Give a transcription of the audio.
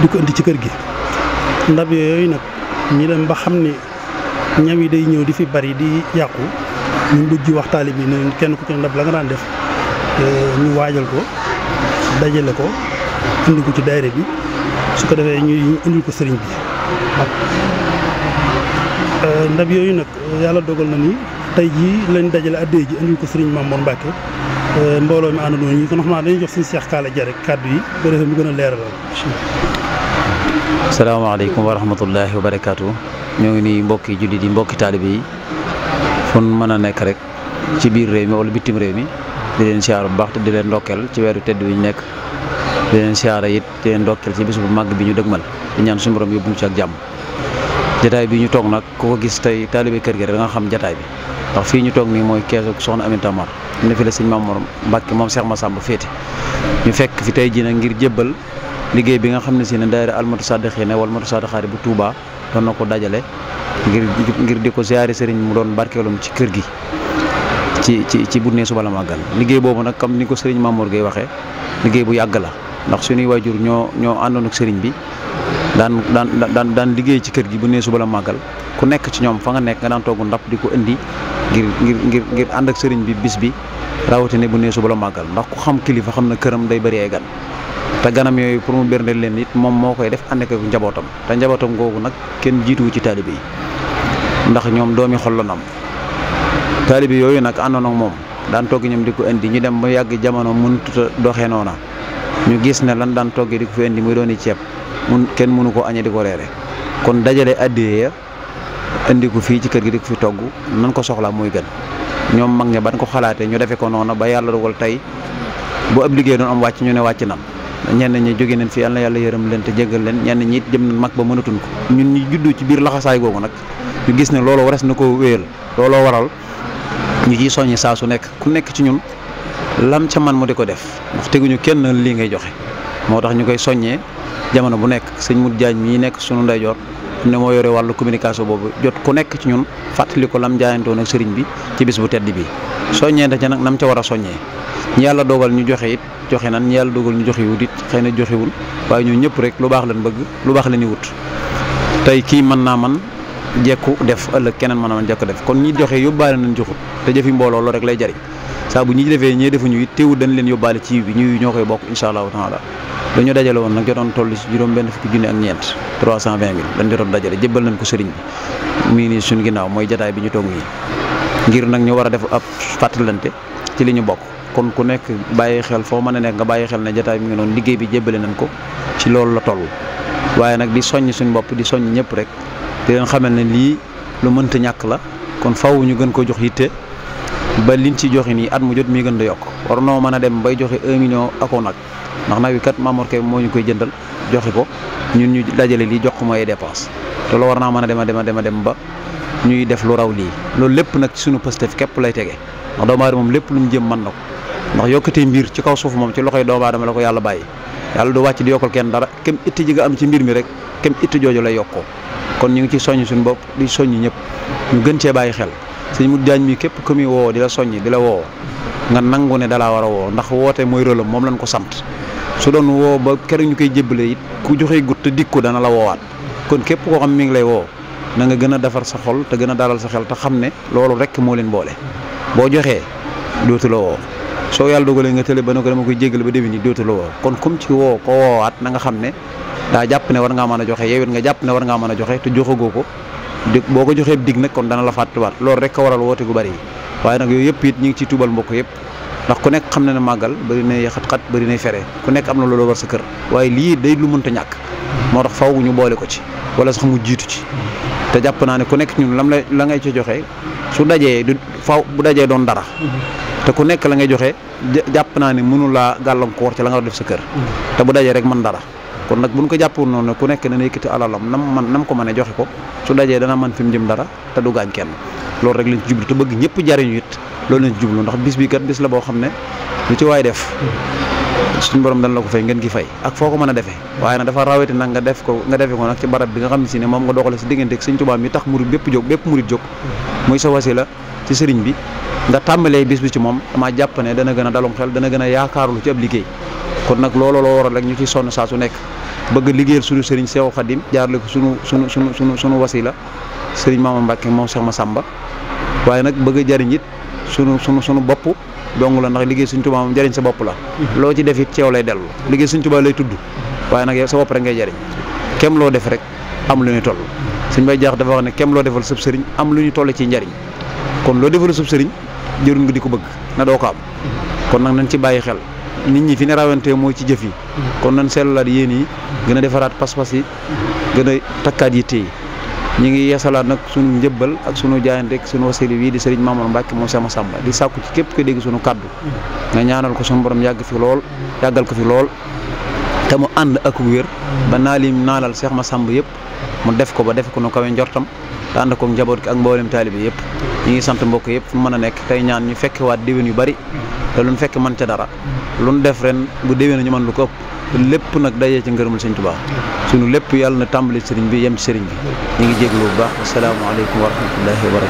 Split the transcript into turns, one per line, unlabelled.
di ko indi ci kër gi ndab yooyu nag ñi dem ba xam ni ñaw yi day ñëw di fi bari di yàqu ñu mujj wax taalib yi ne kenn ku ci ndab la nga daan def ñu waajal ko dajale ko indi ko ci daayira bi su ko defee ñu indi ko sëriñ bi ak euh, ndab yooyu nag yàlla dogal na ni tey jii lañ dajale addee ji indi ko sëriñ Mamour Mbacke euh, mbooloo mi àndandoo ñu kon xam naa dañuy jox suñu seex kaala ja rek kàddu yi bu defee mu gën a leeralal.
salaamaaleykum wa rahmatullahi wa barakaatu ñoo ngi nii mbokki jullit yi mbokki taalibe yi fun mën a nekk rek ci biir réew mi wala bitim réew mi di leen siyaar bu baax te di leen ndokkeel ci weeru tedd wi nekk di leen it di leen ndokkeel bis bu màgg bi ñu dëgmal di ñaan suñu borom yóbbu ñu ci ak jàmm jataay bi ñu toog nag ku ko gis tey taalibe kër gi rek da xam jataay bi ndax fii ñu toog nii mooy keesu soxna Aminta Mar ne fi la sëñ Maam moroom Mbàkke moom Seex Masamba féete ñu fekk fi tey ji ngir jébbal liggéey bi nga xam ne si ne daayira almutasaddiqina wal mutasaddiqaati bu Touba doon na ko dajale ngir ngir di ko ziare sëriñ mu doon barkeelum ci kër gi ci ci ci bu nee suba la màggal liggéey boobu nag comme ni ko sëriñ Mamour Gueye waxee liggéey bu yàgg la ndax suñuy waajur ñoo ñoo àndoon ak sëriñ bi dan dan dan daan liggéey ci kër gi bu nee suba la màggal ku nekk ci ñoom fa nga nekk nga daan ndap di ko indi ngir ngir ngir ngir ànd ak sëriñ bi bis bi rawatina bu nee suba la màggal ndax ku xam kilifa xam na këram day bëri ay gan ta ganam yoy pour mu berndeel len nit mom mo koy def ande ko njabotam ta njabotam gogou nak ken jitu ci talibi ndax ñom doomi xol la nam talibi yoy nak àndoon ak moom daan togg ñoom di indi ñu dem ba yag jamono mënut tuta doxé nona ñu gis ne lan daan togi di indi muy dooni mun ken mënu ko añee diko réré reere kon dajale addiya ya, indi ko fi ci kër gi diko fi togg nan ko soxla moy gën ñom mag ne ban ko xalaté ñu défé ko nona ba yalla dogal tay bu obligé liggéey am wacc ñu ne wacc nan ñenn ñi jóge nañ fi yàlla yàlla yërëm leen te jéggal leen ñenn ñi it jëm nañ mag ba mënatuñ ko ñun ñi juddu ci biir laxasaay googu nag ñu gis ne loolu wares na ko wéyal looloo waral ñu ciy soññi saa su nekk ku nekk ci ñun lam ca man mu di ko def teguñu kenn lii ngay joxe moo tax ñu koy soññee jamono bu nekk sëñ Modou Diagne mii nekk sunu ndeyjoor ne moo yore wàllu communication boobu jot ku nekk ci ñun fàttali ko lam jaayantoon ak sëriñ bi ci bis bu tedd bi soññee da ca nag nam ca war a soññee ñi yàlla dogal ñu joxe it joxe nan ñi yàlla dogal ñu joxe wut it xëy na joxewul waaye ñoo ñëpp rek lu baax lañ bëgg lu baax la ñuy wut tey kii mën naa man jekku def ëllëg keneen man naa man jekku def kon ñi joxe yóbbaale nañ joxut te jëfi mbooloo loolu rek lay jariñ saa bu ñi defee ñee defuñu it teewul dañ leen yóbbaale ci bi ñu ñoo koy bokk incha allahu taala dañoo dajale woon nag jotoon toll ci juróom benn fukki junne ak ñeent 320 mille dañ jotoon dajale jébbal nañ ko sëriñ bi mu ngi suñu ginnaaw mooy jataay bi ñu toog nii ngir nag ñu war a def ab fàttalante ci li ñu bokk kon ku nekk bàyyi xel foo mën a nekk nga bàyyi xel ne jataay bi nga doon liggéey bi jébbale nañ ko ci loolu la toll waaye nag di soññ suñ bopp di soññ ñëpp rek di leen xamal lu mënta ñàkk la kon faw gën ko jox yitte ba liñ ci joxe nii at mu jot gën da yokk war noo mën a dem bay un million ako nag ndax nag wi kat Mamor Kébé moo ñu koy jëndal joxe ko ñun ñu dajale lii jox ko mooy dépense te loolu war naa mën a dem a dem a dem ba ñuy def lu raw lii loolu lépp nag suñu positif képp lay tege ndax doomu aadama moom lépp lu mu jëm man na ko ndax yokkatee mbir ci kaw suuf moom ci loxoy doomu aadama la ko yàlla bàyyi yàlla du wàcc di yokkal kenn dara kem itti ji nga am ci mbir mi rek kem itti jooju lay yokkoo kon ñu ngi ci soññ suñu bopp di soññ ñëpp ñu gën cee bàyyi xel sëñ mu jaañ mi képp ku muy woo di la soññ di la woo nga nangu ne dalaa war a woo ndax woote mooy rëlam moom lañ ko sant su doon woo ba keroog ñu koy jébbale it ku joxee gut te dikku dana la woowaat kon képp koo xam mi ngi lay woo na nga gën a defar sa xol te gën a dalal sa xel te xam ne loolu rek moo leen boole boo joxee dootu la woo soo yàlla dogalee nga tële ba ne ko dama koy jégal ba déwén yi dootu la woo kon comme ci woo ko woowaat na nga xam ne daa jàpp ne war ngaa mën a joxe yow it nga jàpp ne war ngaa mën a joxe te joxagoo ko boo ko joxee dig nag kon dana la fàttuwaat loolu rek ko woote gu bari yi nag yooyu yëpp it ñu ngi ciy tuubal mbokk yëpp ndax ku nekk xam na ne màggal bëri nay xat-xat bëri nay fere ku nekk am na loolu war sa kër waaye lii day lu mënta ñàkk moo tax faw ñu boole ko ci wala sax mu jiitu ci te jàpp naa ne ku nekk ñun lam la la ngay joxe su dajee du faw bu dajee doon dara te ku nek la ngay joxe jàpp naa ne mënu ko wor ci la nga def sa kër mm. te bu dajee rek man dara kon nak buñ ko non ku nek na nekiti alalam nam man nam ko mané joxe ko su dajee dana man fim dara te du gañ kenn lool rek lañ ci jublu te bëgg ñëpp jariñu it lool lañ ci jublu ndax bis bi kat bis la bo xam ne lu ci way def mm. suñu borom dañ la ko fay ngeen gi fay ak foko mëna mën a na dafa nak nga def ko nga defee ko nak ci barab bi nga xamni si ne nga doxale ci digënté ak sëñ mi tax murid bépp jog murid jog moy mm. sa wasila ci sëriñ bi nga tambalé bis bu ci mom dama japp né dana gëna dalum xel dana gëna a yaakaarlu ci ab liggéey kon nak loolu loo waral rek ñu ci sonn sa su nekk bëgg liggéeyal suñu sëriñ Cheikh Khadim jaar suñu suñu suñu suñu suñu wasila sëriñ Maama Mbacké mo Cheikh Massamba waye nak bëgg jariñ sunu suñu suñu suñu bop dong la nak liggéey Sëriñ Touba moom jariñ sa bop la lo ci def it yow lay delu liggéey Sëriñ Touba lay tuddu waye nak yow sa bop rek ngay jariñ kem lo def rek am lu ñu toll suñ bay jaax dafa wax ne kem lo defal sub sëriñ am lu ñu toll ci njariñ kon lo defal sub sëriñ jëruñ nga diko bëgg na do ko am kon nak nañ ci bayyi xel nit ñi fi ne rawante ci jëf yi kon nañ yeen yi gëna defaraat pas-pas yi gëna takkaat yi téy ñi ngi yeesalaat nak suñu njëbbal ak suñu jaayante ak suñu wasili wi di sëriñ mamadou Mbacke mo sama samba di sakku ci képp ko dégg suñu kaddu nga ñaanal ko suñu borom yàgg fi lool yàggal ko fi lool te mu and ak wër ba naa lim naalal ma sàmb mu def ko ba def ko nu kawé njortam te ànd koog njaboot gi ak mboolem taalibe yëpp ñu ngi sant mbokk yëpp fu mën a nekk tey ñaan ñu fekk waat déwén yu bari te luñ fekk mën ca dara luñ def ren bu déwén ñu mën lu ko ëpp lépp nag dajee ci ngërëmul sëñ Tuubaa sunu lépp yàlla na tàmbali sëriñ bi yem ci bi ñu ngi jéglu bu baax asalaamaaleykum wa rahmatullahi wa